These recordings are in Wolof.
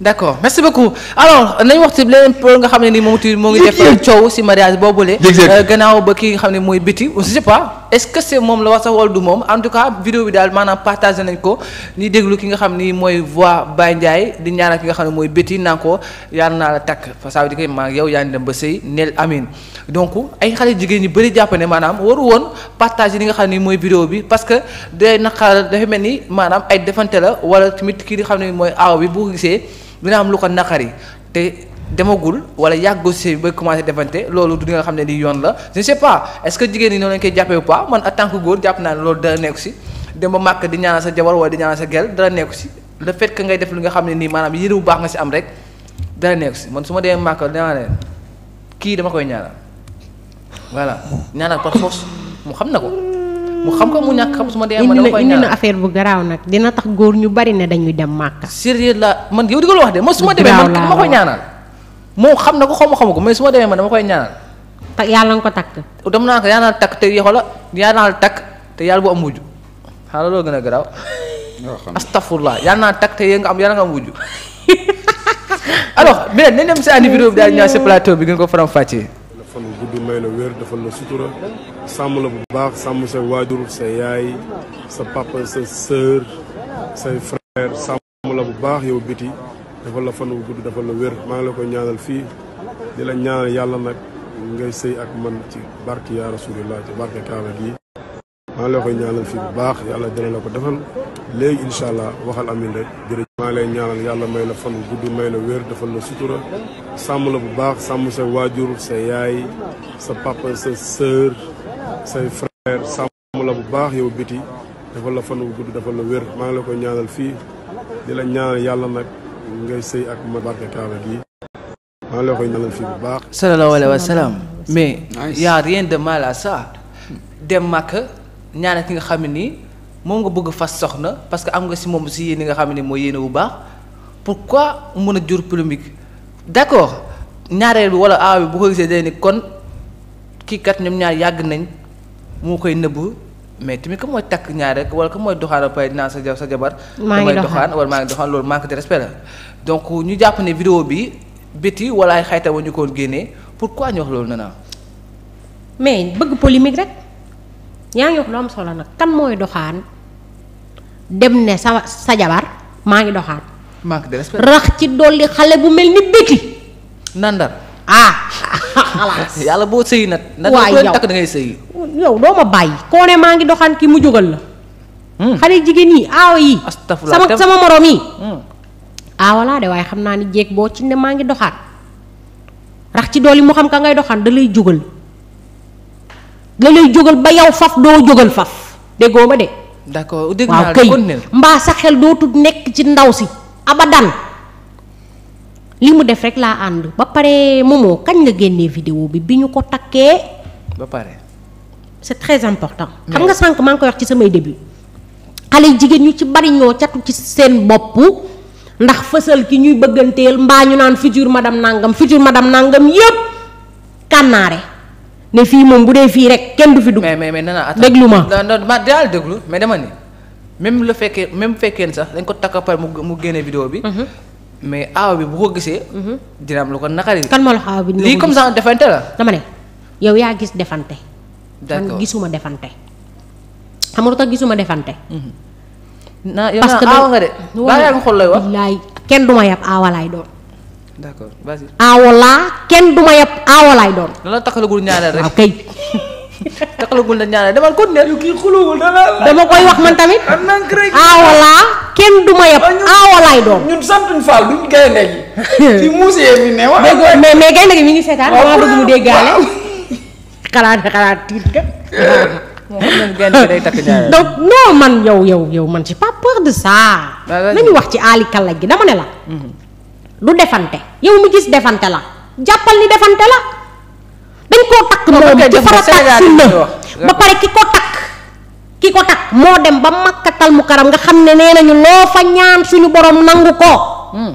d'accord merci beaucoup alors nañ wax ci leneen nga xam ne nii moom tuuti moo ngi def coow ci mariage boobule. Euh, gannaaw ba ki nga xam ne mooy biti je sais pas est moom la wax sax wala du moom en tout cas vidéo bi daal maanaam partagé nañ ko ñuy déglu ki nga xam ni mooy voix Baye Ndiaye di ñaanal ki nga xam ne mooy biti naa ko yar naa la takk ça veut dire que maa yow yaa ngi dem ba sëy nel amin donc ay xale jigéen ñi bëri jàpp ne maanaam waru woon partager li nga xam ne mooy vidéo bi parce que day naqar dafa mel ni maanaam ay defante la wala tamit kii di xam ne mooy aaw bi bu gisee dina am lu ko naqari te demagul wala yàggu si ba commencé defante loolu du nga xam ne di yoon la je ne sais pas est-ce que jigéen ñi jàppee ou pas man en tant que góor jàpp naa ne loolu si dem di ñaanal sa jabar wala di ñaanal sa gel nekku si le fait ngay def li nga xam ne nii maanaam yére bu baax nga si am rek dara nekku si man su ma demee màkk dinaa leen kii dama koy ñaanal voilà ñaanal par force mu xam na ko mu xam ko mu ñàkk xam su ma dee. ma dama koy ñaanal indi na affaire bu garaaw nag dina tax góor ñu bari ne dañuy dem Màkka. sérieux la man yow di ko wax de man su ma demee man dama koy ñaanal. moom xam na ko xaw ma ko mais su ma demee man dama koy ñaanal. te yàlla nga ko takk. dem naa ko yàlla takk te yéexoo la yàlla naa takk te yàlla bu am wujju xaaral loo gën a garaaw. astafurlah yàlla naa takk te yéen nga am yàlla nga am wujju alors mais nañ dem si ànd vidéo bi daal ñëwaat si plateau bi ngeen ko faram fàccee fan wu gudd may la wér defal la sutura sàmm la bu baax sàmm say waajur sa yaay sa papa sa sœur say frère sàmm la bu baax yow biti defal la fan wu guddi defal la wér maa ngi la koy ñaanal fii di la ñaanal yàlla nag ngay sëy ak man ci barke yaa rasulillah ci barke kaala gi maa ngi la koy ñaanal fi bu baax yàlla dina la ko defal léegi incha allah waxal amin rek jërëjëf maa ngi lay ñaanal yàlla may la fan gudd may la wér defal la sutura sàmm la bu baax sàmm sa waajur sa yaay sa papa sa sœur say frère sàmm la bu baax yow biti defal la fan bu gudd defal la wér maa ngi la koy ñaanal fii di la ñaanal yàlla nag ngay sëy ak ma barke kaaba gi maa ngi la koy ñaanal fii bu baax sallallahu alayhi wa sallam mais y rien de mal à ñaanal ki nga xam ne nii moom nga bëgg fas soxna parce que am nga si moom si yéen nga xam ne mooy yéene bu baax pour quoi mun a jur polémique d'accord ñaareel bi wala aaw bi bu ko gisee day ni kon kii kat ñoom ñaar yàgg nañ moo koy nëbb mais tamit ka mooy takk ñaar rek wala ka mooy doxaan ba pare dinaa sa sa jabar. maa ngi doxaan wala maa ngi doxaan loolu manque de respect la donc ñu jàpp ne vidéo bi béti wala ay xayta wa ñu ko woon génnee pourquoi ñu wax loolu nee naa. mais yaa ngi wax lu am solo nag kan mooy doxaan dem ne sa sa jabar maa ngi doxaan. manque de respect rax ci dolli xale bu mel ni béki. nandar ah xalaas yàlla boo sëyi nag. waay yow takk da ngay sëyi. bàyyi. koo ne maa ngi doxaan ki mu jógal la. Hmm. xale jigéen yi aawa yi. sama sama moroom yi. Hmm. aawa de waaye xam naa ni jéeg boo ci ne maa ngi doxaan rax ci dolli mu xam ka ngay doxaan da lay jógal. la lay jógal ba yow faf doo jógal faf déggoo ma de. d'accord dégg naa waaw kay mbaa sa xel dootul nekk ci ndaw si abadan li mu def rek laa ànd ba pare moomoo kañ nga génne vidéo bi bi ñu ko takkee. ba pare. c'est très important. xam nga sànq maa ngi koy wax ci samay début. xale jigéen ñu ci bari ñoo catu ci seen bopp ndax fësal ki ñuy bëgganteel mbaa ñu naan future madame nangam future madame nangam yépp kànnaare ne fii moom bu dee fii rek kenn du fi dugg. mais mais mais nee naa déglu ma non non ma daal mais dama même la fekkee même fekkee sax dañ ko takk par mu mu génne vidéo bi. Mhm. mais aaw bi bu ko gisee. Mhm. dina am lu ko naqari. kan moo la aaw bi lii comme ça defante la. dama ne yow yaa gis defante. d'accord man gisuma defante. xam nga defante. Mhm. naa yow naa aaw nga de. parce que xool lay wax. kenn du ma yab aawalaay doon. d'accord vas-y. aawo laa kenn du ma yeb aawo laay doon. lan la taxalagul ah, demal continuer. kii xulóowul dana dama koy wax man tamit. am aawo laa kenn du ma yeb aawo ah, laay doon. sant ñu mais mais gaynde gi mi ngi seetaan. waaw waaw bëgg mu déggaale. xalaat xalaat tiit ka. donc non man yow yow yow man ci pas de ça. nañu wax ci aali kàlla gi dama ne la. Mhm. du defante yow mu gis defante la jàppal ni defante la dañ koo takk moom ci farataak sunna ba pare ki ko takk ki ko takk moo dem ba makkatal mu karam nga xam ne nee nañu loo fa ñaan suñu borom nangu ko hmm.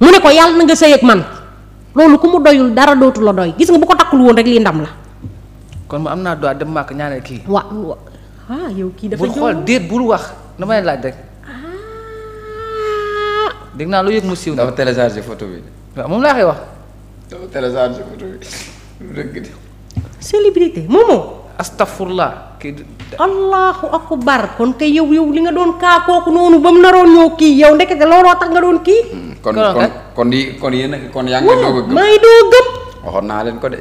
mu ne ko yàlla na nga sëy ak man loolu ku mu doyul dara dootu la doy gis nga bu ko takkul woon rek lii ndam la kon ma am naa droit dem màkk ñaanal kii waaw ah yow kii dafa bul xool déet bul wax dama lay laaj rek dégg naa lu yëg mu siiw. dafa téléchargé photo bi. waaw moom laa koy wax. dafa téléchargé photo bi dëgg. célébrité moomoo. astafurlah. allahu akbar kon kay yow yow li nga doon kaa kooku noonu ba mu naroon ñëw kii yow ndekete looloo tax nga doon kii. Hmm, kon kon kon di kon yéen kon gëm maa naa leen ko de.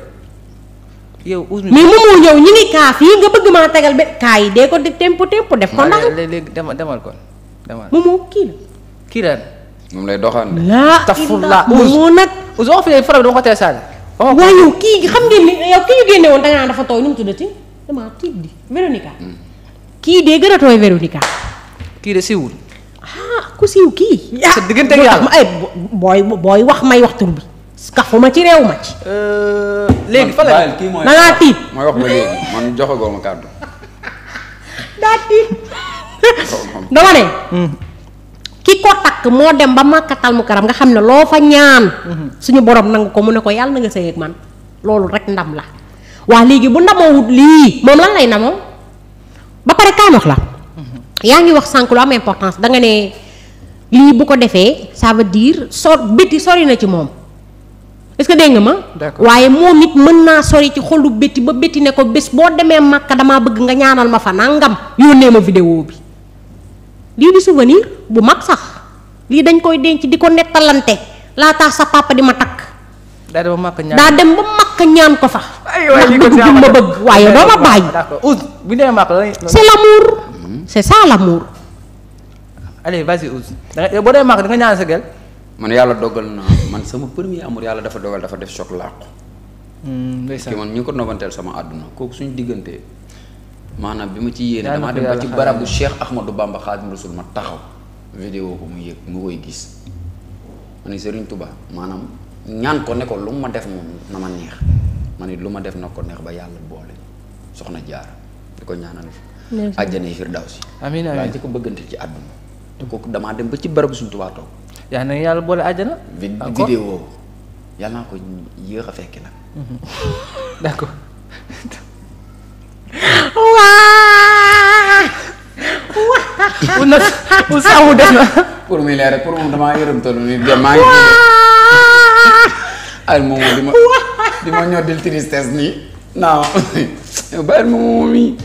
yow mais moomoo yow ñu ngi kaa fii nga bëgg maa tegal ba kaa yi dee ko tempo tempo def ko ndax. demal demal kon demal. moomoo kii la. kii la. moom lay doxaan de. tafurla uus nag. uus wax fi ne faram dama ko teel saaga. Oh, waaw yow kii xam ngeen ni yow ki ñu génne woon tiit di Véronica. Hmm. kii de gën a tooy Véronica. kii de siiwul. ah ku siiw kii. sa ah, diggante ak yàlla ay eh, booy booy wax may wax tur bi. kafuma ci réew ma ci. Euh, léegi fa la na ngaa tiit. mooy wax ba léegi man joxagoo ma kàddu. daa tiit. dama ne. Hmm. ki ko takk moo dem ba màkkatal mu karam nga xam ne loo fa ñaan. Mhm. suñu boroom nangu ko mu ne ko yàlla na nga sëy ak man loolu rek ndam la waa léegi bu ndamoo wut lii moom lan lay ndamoo ba pare kaay wax la. Mhm. yaa ngi wax sànq lu am importance danga ne lii bu ko defee ça veut dire so sori na ci moom. est-ce que dégg nga ma. waaye moom it mën naa sori ci xolu bétti ba bétti ne ko bés boo demee Màkka damaa bëgg nga ñaanal ma fa nangam yónnee ma vidéo bi lii di souvenir. bu mag sax lii dañ koy denc di ko nettalante laataa sa papa di ma takk. daa dem ba makk ñaan ko fa. aywa lii ko ma bëgg waaye doo ma bàyyi. bu ñu demee c' est l' amour. c' est ça l' amour. allez vas-y Ousse da sa gel. man yàlla dogal na man sama premier amour yàlla dafa dogal dafa def choc làqu. Hmm, ndeysaan ki man ñu ko nobanteel sama àdduna kooku suñu diggante maanaam bi ma ci yéene. damaa dem ba ci barabu Cheikh Ahmadou Bamba Xaadimu Rasul ma taxaw. vidéo ko mu yëg nga koy gis ma ne Serigne Touba maanaam ñaan ko ne ko lu ma def moom na ma neex ma ne lu ma def na ko neex ba yàlla boole soxna Jaara di ko ñaanal. àjjana firdawsi. amiin amiin waaye di ko bëggante ci àdduna. te ko damaa dem ba ci barabu suñu Touba toog. yaa na yàlla boole àjjana. encore vidéo yàlla ko yéex a fekki nag. d'accord. saabu def na. pour muy leer rek pour moom damaa yërëm toll nii dem maa ngi. al moomu di ma di ma ñor di tristesse nii non ba al moomu mi.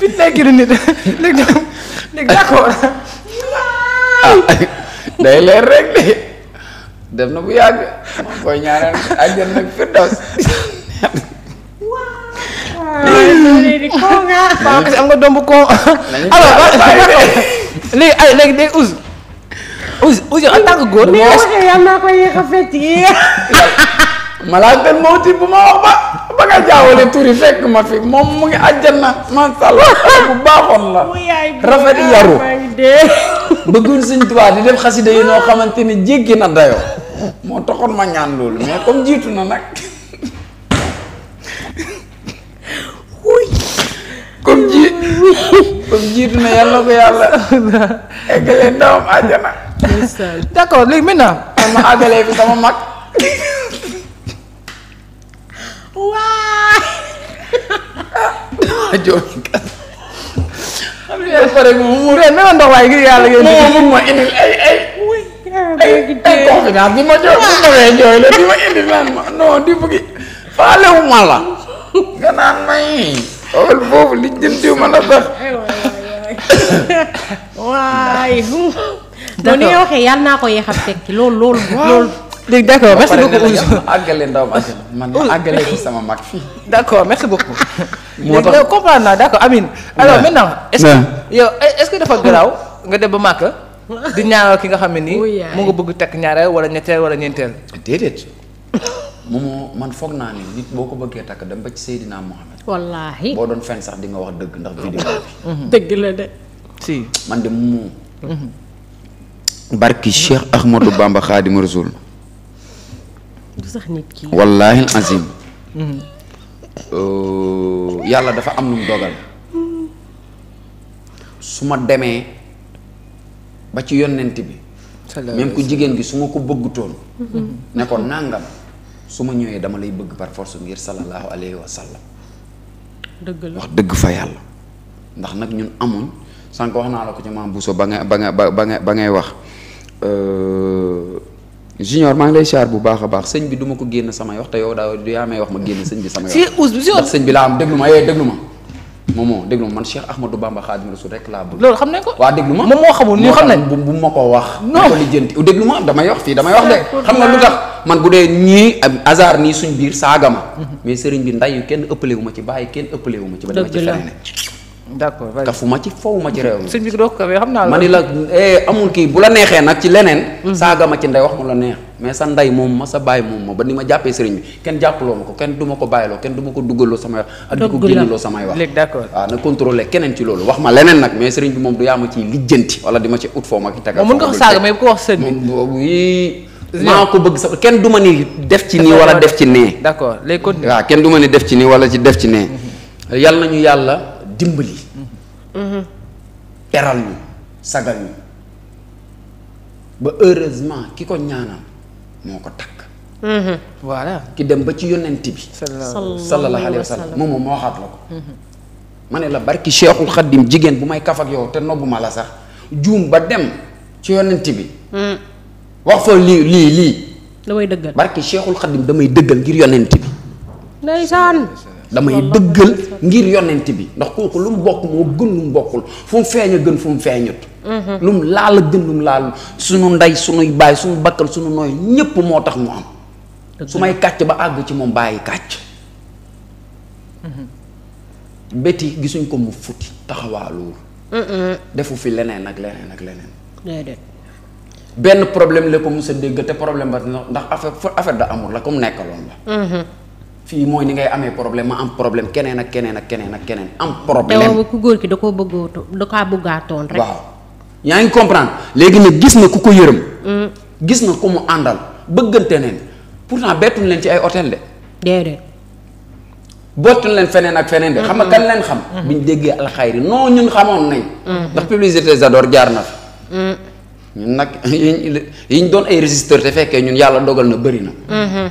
bit lay gën a nit léegi d'accord day leer rek de def na bu yàgg koy ñaanal àjjana nag firdaws waaw kese am nga domb con. alors góor. mais waxee bu ma wax ba ba nga jaawale turi fekk ma fi moom mu ngi àjjana macha allah bu baaxoon la. rafet yaru bëggul suñ tubaab di def xasida yi noo xamante ni jéggi na dayoo. moo taxoon ma ñaan loolu mais comme jiitu na nag. comme ji comme jiitu na yàlla ko yàlla eggalee ndawam àjjana d' accord léegi maintenant ma àggalee fi sama mag waay joo xam nga yàlla pare mu mu ren ndox waaye ngir yàlla ngeen moom ma indil ay ay ay ay confidence bi ma jooy bu ma jooy la di ma indil naan ma non di bëggi faalewu ma la naan may xool boobu li jëntiw mën a tax waay d'accord ni waxee yàlla naa ko yeexam tekki loolu loolu loolu léegi d'accord merci beaucoup Ouzou ma ndaw ma man ma àggale ci sama mag d'accord merci beaucoup moo tax léegi comprendre naa d'accord Amine alors maintenant est que yow est-ce que nga def ba màkk di ñaanal ki nga xam ne nii oh, mu nga bëgg takk ñaareel wala ñetteel wala ñeenteel déedéet mu man foog naa ni nit boo ko bëggee takk dem ba ci Seydina Mohamed. wallaahi boo doon fen sax dinga wax dëgg ndax vidéo bi. dëgg la de. si man de mu mhm. barki Cheikh Ahmadou Bamba Xaadimu Rasuul. Mhm. Euh, dafa am lu dogal. su ma demee ba ci yonent bi. même ku jigéen gi su ma ko bëggutoon. Mhm. ne ko nangam. su ma ñëwee dama lay bëgg par force ngir sallallahu alayhi wa sallam. dëgg wax dëgg fa yàlla. ndax nag ñun amuñ sànq wax naa la ko ci maam Bousso ba nga ba nga ba nga ba ngay wax. Euh, junior maa ngi lay siyaar bu baax a baax sëñ bi duma ko génn sama wax te yow daaw yaa may wax ma génn sëñ bi sama wax. si sëñ bi laa am déglu ma yee eh, déglu ma. moomoo déglu ma man Cheikh Ahmadou Bamba Khadim su rek laa bëgg. loolu xam ne ko waaw déglu ma moom moo xamul ñu xam nañ bu ma ko wax. non ko lijjanti déglu ma damay wax fii damay wax de. xam nga lu tax man bu dee ñii hasard nii suñu biir saaga ma. Mhm. mais sëriñ bi nday kenn ëppale ma ci bàyyi kenn ëppale ma ci ba dama ci fenn. d'accord kafuma ci fowuma ci réew mi. xam naa ma ni la eh, amul kii bu la neexee nag ci leneen. Mhm. saaga ma ci ndey wax mu la neex. mais sa ndey moom ma sa bàyyi moom ma ba ni ma jàppee sëriñ bi kenn jàppaloo ma ko kenn du ma ko bàyyiloo kenn du ko duggaloo samay wax. ak di ko génneloo samay wax léegi d'accord waaw na contrôler keneen ci loolu wax ma leneen nag mais sëriñ wala di ma ut foo ma ki tegal. mën nga ko saaga mais ko bëgg sa kenn du ma ni def ci nii wala def ci nee. d'accord léegi waaw kenn du ma ni def ci nii wala ci def ci nee mhm. yàlla ñu yàlla dimbali. teral ñu sagal ñu ba heureusement ki ko ñaanal moo ko takk. ki dem ba ci yonent bi. moom moom moo waxaat la ko. ma ne la barki Cheikhul Khadim jigéen bu may kaf yow te nobbu la sax juum ba dem ci yonent bi. wax fa lii lii lii. damay dëggal barki Cheikhul Khadim damay dëggal ngir yonent bi. ndeysaan. damay dëggal ngir yonent bi ndax kooku lu mu bokk moo gën lu mu bokkul fu mu feeñ a gën fu mu feeñut mhm. lu mu laal a gën lu mu laal suñu ndey suñuy baay suñu bakkal suñu nooy ñépp moo tax mu am su may kàcc ba àgg ci moom bàyyi kàcc mhm. béti gisuñ ko mu futti taxawaaluwul mhm. defu leneen ak leneen ak leneen benn problème la ko mu a dégg te problème ba ndax affaire affaire da amul la comme nekkaloon la fii mooy ni ngay amee problème ma am problème keneen ak keneen ak keneen ak keneen am problème te ku góor ki da koo bëggoon da kaa rek. waaw yaa ngi comprendre léegi nag gis na ku ko yërëm. Mm. gis na ku mu àndal bëggante neen pour pourtant bettuñ leen ci ay hôtel de. déedéet. bottuñ leen feneen ak feneen de. xam nga kan leen xam. biñ déggee alxayri non ñun xamoon nañ. ndax publicité Zador jaar na fi. Mm. ñun nag yiñ yiñ doon ay résisteur te fekkee ñun yàlla dogal na bëri na. Mm-hmm.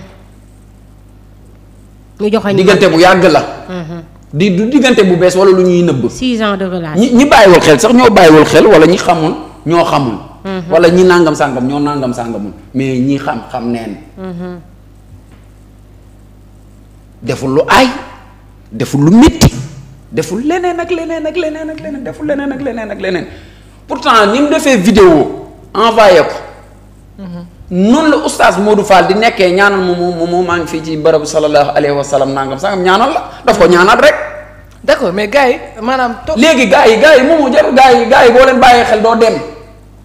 ñu joxoon diggante bu yàgg la. Mhm. di du diggante bu bees wala lu ñuy nëbb. six ans de relation. ñi ñi bàyyiwul xel sax ñoo bàyyiwul xel wala ñi xamul ñoo xamul. Mhm. wala ñi nàngam sàngam ñoo nangam sàngamul mais ñi xam xam neen. Mhm. deful lu aay deful lu métti deful leneen ak leneen ak leneen ak deful leneen ak leneen ak leneen pourtant ni mu defee vidéo envoyé ko. noonu la oustaz Modou Fall di nekkee ñaanal moom moom moom maa ngi fii ci bërëbu sallallahu alayhi wa sallam nangam sangam ñaanal la daf ko ñaanal rek. d'accord mais gars yi maanaam. léegi gars yi gars yi moomu jarul gars yi gars yi boo leen bàyyee xel doo dem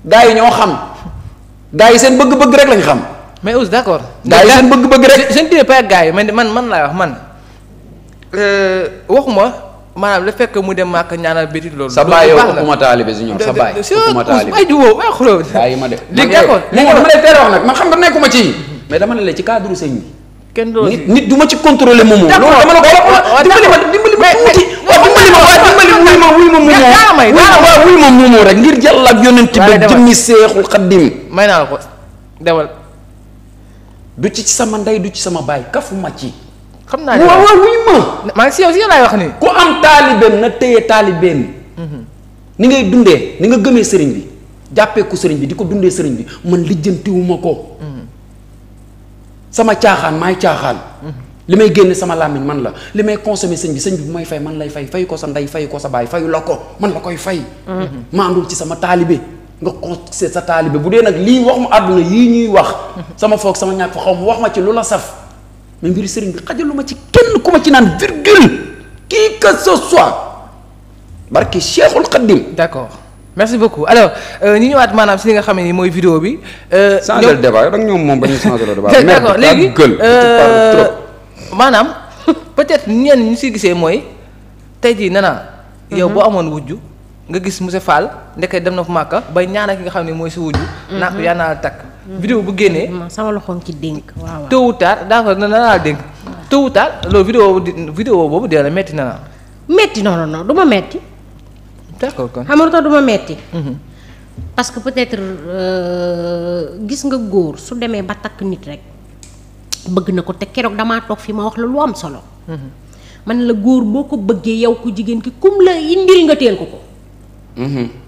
gars yi ñoo xam gars yi seen bëgg-bëgg rek lañ xam. mais aussi d'accord. gars yi seen bëgg-bëgg rek. je ne dirai pas gars yi man man man wax man euh, waxuma. maanaam le fait que mu dem màkk ñaanal bétit loolu. sa baay yow ëpp ma taalibe si ñoom sa baay ëpp ma taalibe ay jubóo waaye xuloo bàyyi ma de léegi d'accord dama ci mais dama ne la ci cadre kenn doon nit nit du ma ci contrôler moom moom loolu dama la ko wax dimbali ma dimbali ma tuuti waaw dimbali ma waaw dimbali wuy ma wuy ma ma Seexul Xaddim may naa la ko demal du ci sama ndey du ci sama baay kafuma ci xam naa ne waaw waaw wuy ma. maa ngi si yow si yow laay wax nii. ku am taalibeem na téye taalibeem. Mhm. ni ngay dundee ni nga gëmee sëriñ bi jàppee sëriñ bi di ko dundee sëriñ bi man lijjantiwuma ko. Mhm. sama caaxaan maay caaxaan. Mhm. li may génne sama làmmiñ man la li may consommer sëñ bi sëñ bi bu may fay man lay fay fay ko sa ndey fay ko sa baay fayu la ko man la koy fay. maandul ci sama taalibe nga conseil sa taalibe bu dee nag lii wax ma àdduna yii ñuy wax. sama foog sama ñàkk xaw ma wax ma ci lu la saf. mais mbir sëriñ bi xajalu ma ci kenn ku ma ci naan virgule qui que ce soit barki Cheikhul Khadim. d'accord merci beaucoup alors euh, ñu ñëwaat maanaam si li nga xam ni mooy vidéo bi. Euh, ñoom changer le débat rek ñoom moom ba ñuy changer le débat. d'accord léegi euh, maanaam peut-être ñeen ñu si gisee mooy tey jii nana yow mhm. boo amoon wujju nga gis monsieur Fall ndeke dem na fu màkka bay ñaan ak ki nga xam ne mooy si wujju. Mhm. naa ko yaa naa takk. vidéo bu génnee. sama loxoom ci dénk waaw tôt ou na naa dénk. tôt loolu vidéo boobu dina metti na naa. metti non du ma metti. d'accord kon xam nga lu metti. Mhm. parce que peut-être euh, gis nga góor su demee ba takk nit rek bëgg na ko te keroog damaa toog fii ma wax la lu am solo. Mhm. man la góor boo ko bëggee yow ku jigéen ki kum la indil nga teel ko. Mhm.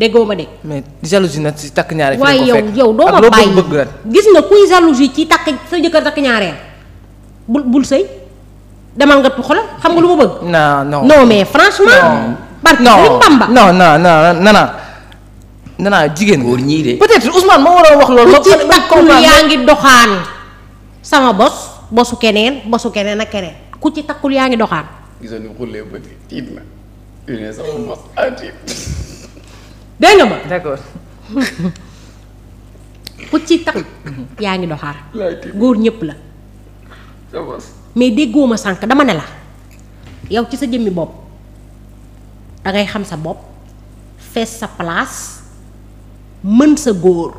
déggoo ma de. mais jalousie nag si takk ñaareel. waaye yow yow doo bàyyi gis na kuy jalousie ci takk sa jëkkër takk ñaareel bul bul sëy demal nga xoolal xam nga lu ma bëgg. non non non mais franchement. barke Sëriñ Bamba non non non nana nana jigéen. góor ñii de peut-être Ousmane moo waroon wax loolu. ku ci takkul yaa ngi doxaan sama bos bosu keneen bosu keneen ak keneen ku ci takkul yaa ngi doxaan. dégg nga ma ku ci tax yaa ngi doxaar góor ñëpp la mais déggoo ma sànq dama ne la yow ci sa jëmmi bopp dangay xam sa bopp fees sa place mën sa góor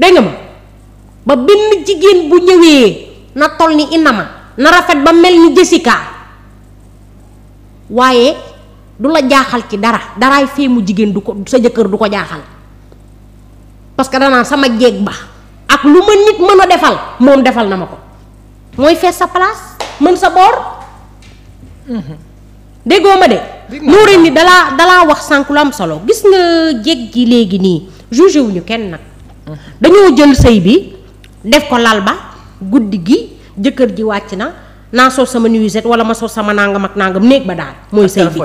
dégg ma ba benn jigéen bu ñëwee na toll ni inama na rafet ba mel ni Jessica waaye du la jaaxal ci dara daraay feemu jigéen du ko sa jëkkër du ko jaaxal parce que danaan sama jeeg ba ak lu ma nit ma a defal moom defal na ma ko mooy fees sa place mën sa boor mm-hmm. déggoo ma de nóoré ni dalaa dalaa wax sànq lu am solo gis nga jeeg ji léegi nii jugé wuñu kenn nag mm-hmm. dañoo jël sëy bi def ko lal ba guddi gi jëkkër ji wàcc na naa sol sama nuisette wala ma sol sama nangam ak nangam néeg ba daal mooy sëy bi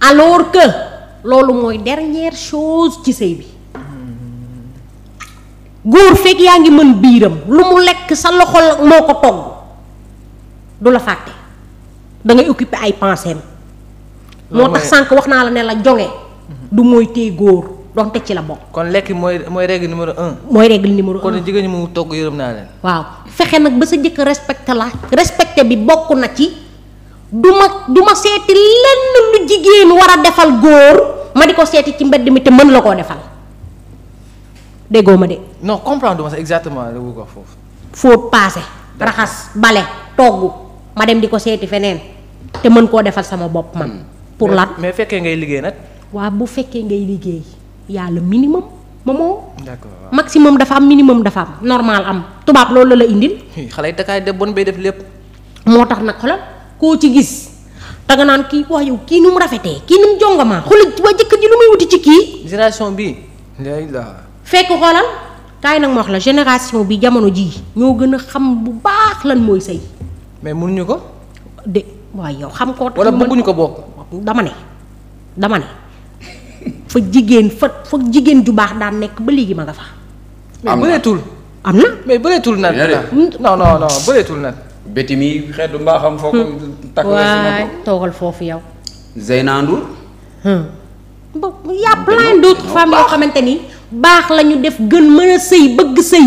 alors que loolu mooy dernière chose ci sëy bi góor fekk yaa ngi mën biiram lu mu lekk sa loxo moo ko togg du la fàtte da ngay ay pensées moo tax sànq wax naa la ne la jonge mhm. du mooy téye góor donte ci la bokk. kon lekk mooy mooy règle numéro un. mooy règle numéro un kon jigéen ñi mu togg yërëm naa leen. waaw fexe nag ba sa jëkk respecté la respecté bi bokk na ci. du ma du ma seeti lenn lu jigéen war a defal góor ma di ko seeti ci mbedd mi te mën la koo defal déggoo ma de. non comprendre ma exactement li ko foofu. fóot paase. raxas bale togg ma dem di ko seeti feneen te mën koo defal sama bopp man. Hmm. pour lan mais fekkee ngay liggéey nag. waaw bu fekkee ngay liggéey yàlla minimum ma d'accord maximum dafa am minimum dafa am normal am tubaab loolu la la indil. xale yi takkaay def bon bay def lépp. moo tax nag xolal koo ci gis danga naan kii wax yow kii nu mu rafetee kii nu mu jongamaa xoolal waa jëkkër ji lu muy wuti ci kii. génération bi. fekk xoolal kaay nag ma wax la génération bi jamono jii ñoo gën a xam bu baax lan mooy sëy. mais mënuñu ko. de waaye yow xam ko. wala bëgguñu ko bokk dama ne dama ne fa jigéen fa fa jigéen ju baax daan nekk ba léegi ma nga fa. am na bëreetul. am na mais bëreetul nag. non non xeetu mbaaxam foo ko hmm. takk waay toogal foofu yow. Zeyna Ndour. Hmm. boobu y' a plein d' autres xamante ni baax la ñu def gën mën a sëy bëgg sëy.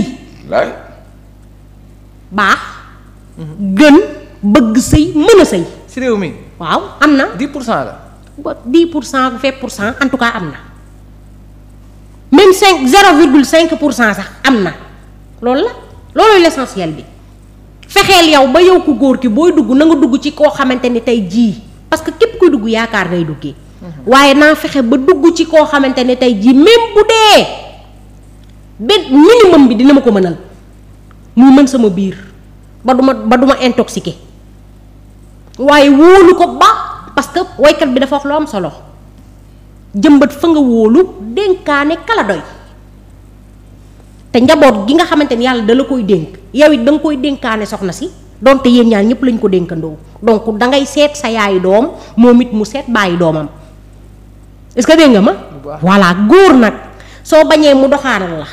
baax. Hmm. gën bëgg sëy mën a sëy. si réew mi. waaw am na. 10 pour cent la. ba pour cent 20 pour cent en tout cas am na. même 5 cinq pour cent sax am na loolu la loolooy l' bi. fexeel yow ba yow ku góor ki booy dugg na nga dugg ci koo xamante ni tey jii parce que képp kuy dugg yaakaar ngay duggee. Mhm. waaye naa fexe ba dugg ci koo xamante ne tey jii même bu dee ba minimum bi dina ma ko mënal muy mën sama biir ba duma ba duma intoxiqué waaye wóolu ko ba parce que waykat bi dafa wax lu am solo jëmbët fa nga wóolu dénkaane kala doy te njaboot gi nga xamante ni yàlla dala koy dénk yow it da koy dénkaane soxna si donte yéen ñaar ñëpp lañ ko dénkandoo donc da ngay seet sa yaayu doom moom it mu seet bàyyi doomam est-ce que dégg nga ma. voilà góor nag soo bañee mu doxaanal la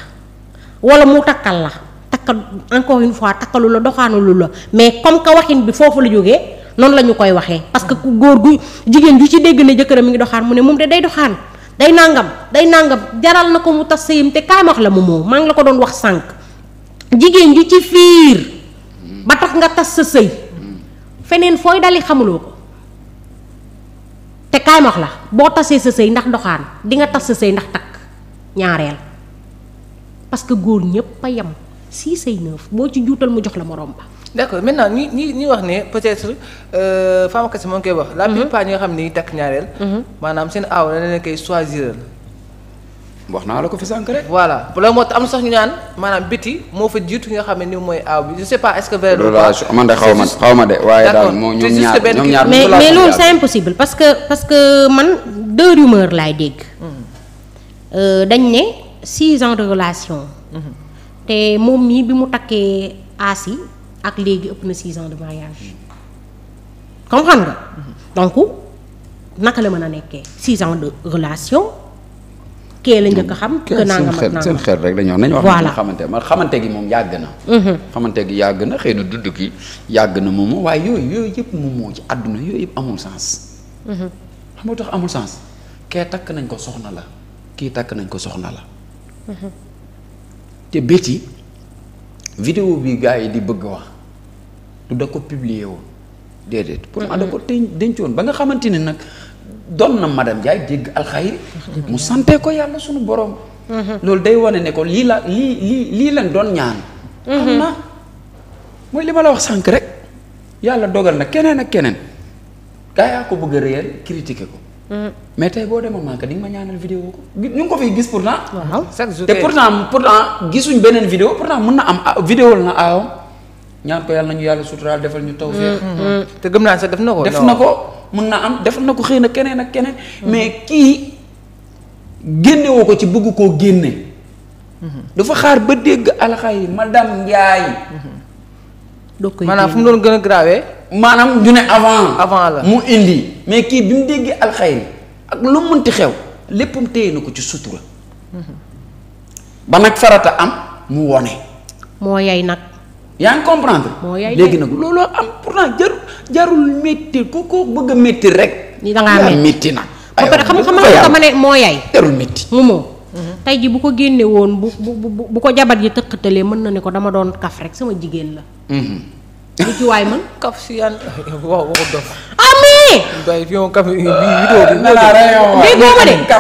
wala mu takkal la takkal encore une fois takkalu la doxaanalu la mais comme que waxin bi foofu la jógee noonu la ñu koy waxee. parce que góor gu jigéen ju ci dégg ne jëkkëram mi ngi doxaan mu ne moom de day doxaan day nangam day nangam jaral na ko mu tas sëyam te kaay la mu moo maa ngi ko doon wax sànq. jigéen ju ci fiir ba tax nga tas sa sëy feneen fooy dali xamuloo ko te kaay ma la boo tasee sa sëy ndax doxaan di nga tas sa sëy ndax takk ñaareel parce que góor ñëpp a yem six say neuf boo ci juutal mu jox la morom ba. d'accord maintenant ñi ñi ñi wax ne peut-être euh, Fama Kassi moo ngi koy wax. la mhm. plupart ñi nga xam ne takk ñaareel. Mhm. maanaam seen aaw la leen koy choisiral. wax naa la ko fi sànq rek. voilà loolu moo tax am sax ñu naan maanaam biti moo fa jiitu nga xam ne ni mooy aaw bi que. vrai man de xaw ma xaw ma de. waaye daal moo ñoom ñaar ñoom ñaar mais mais loolu c'est impossible parce que parce que man deux rumeurs laay dégg. Euh, dañ ne six ans de relation. Mm-hmm. te moom mii bi mu takkee aas yi ak léegi ëpp na six ans de mariage. comme xam nga. Mm-hmm. donc naka la mën a nekkee six ans de relation. kee la njëkk a xam. que nangam ak nangam seen xel rek la ñu wax nañu wax xamante man xamante gi moom yàgg na. Mhm. xamante gi yàgg na xëy na dudd gi yàgg na moom waaye yooyu yooyu yëpp moom moo ci àdduna yooyu yëpp amul sens. Mhm. xam nga tax amul sens kee takk nañ ko soxna la kii takk nañ ko soxna la. Mhm. te béti vidéo bi gars yi di bëgg wax du da ko publier woon déedéet. pour da ko dencoon ba nga xamante nag. doon na madame Ndiaye dégg alxayri mu sante ko yàlla suñu borom. loolu day wane ne ko lii la lii lii lii lañ doon ñaan. am na mooy li ma la wax sànq rek yàlla dogal na keneen ak keneen gaa yaa ko bëgg a réyal critiqué ko. mais tey boo demoon manqué di nga ma ñaanal vidéo ko ñu ngi ko fiy gis pour waaw chaque jour te pourtant pourtant gisuñ beneen pour pourtant mun na am ah vidéo na aawam ñaan ko yàlla nañu yàlla suturaal defal ñu taw. Mm-hmm. Mm-hmm. te gëm naa sax def na ko. def na ko. mën na am defal na ko xëy na keneen ak keneen. mais kii génnewoo ko ci bëgg koo génne. dafa xaar ba dégg alxayi madame Ndiaye. doo koy maanaam fu mu doon gën a graawee. maanaam ñu ne avant. avant la mu indi. mais kii bi mu déggee alxayi ak lu mënti xew léppam téye na ko ci sutura. ba nag farata am mu wone. moo yay nag. yaa ngi comprendre. léegi nag looloo am pourtant jarul jarul métti ku ko bëgg a métti rek. nii da ngaa métti na. ba pare xam nga xam ne moo yaay. jarul métti mu moo. Mhm. tey ji bu ko génne woon bu bu bu ko jabar ji tëqatalee mën na ne ko dama doon kaf rek sama jigéen la. Mhm. lu ci waay mën. kaf si yan waaw waaw dof mais. bay fi yow café bi vidéo bi. nee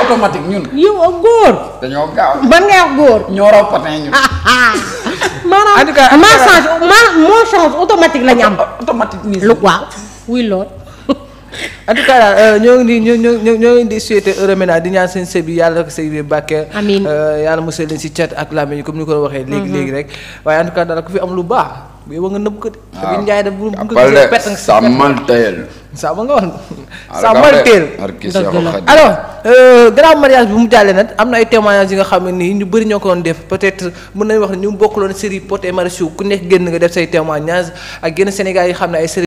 automatique ñun. yow ak góor. dañoo gaaw ban góor. ñoo raw patin ñun. automatique la am. automatique nii lu waaw wuy lool. en tout daal euh, ñoo ngi di ñoo ñoo ñoo di souhaité heureux ménage di ñaan seen sëy yàlla rek sëy bi bàkkee. Euh, yàlla musal leen si cat ak làmmiñ comme ni ko waxee. léegi mm-hmm. léegi rek waaye en daal ku fi am lu baax. Ah. bu yóbbu nga nëbb ko de. waaw Habib Ndiaye de bu nga gisee perte nga. sàmmanteel sàmm nga woon. sàmmanteel alors grand mariage bi mu jàllee nag am na ay témoignages yi nga xam ne nii ñu bëri ñoo ko doon def peut-être mën nañu wax ne ñu bokkuloon série Pod et Marichou ku nekk génn nga def say témoignages ak génn Sénégal yi xam ne ay série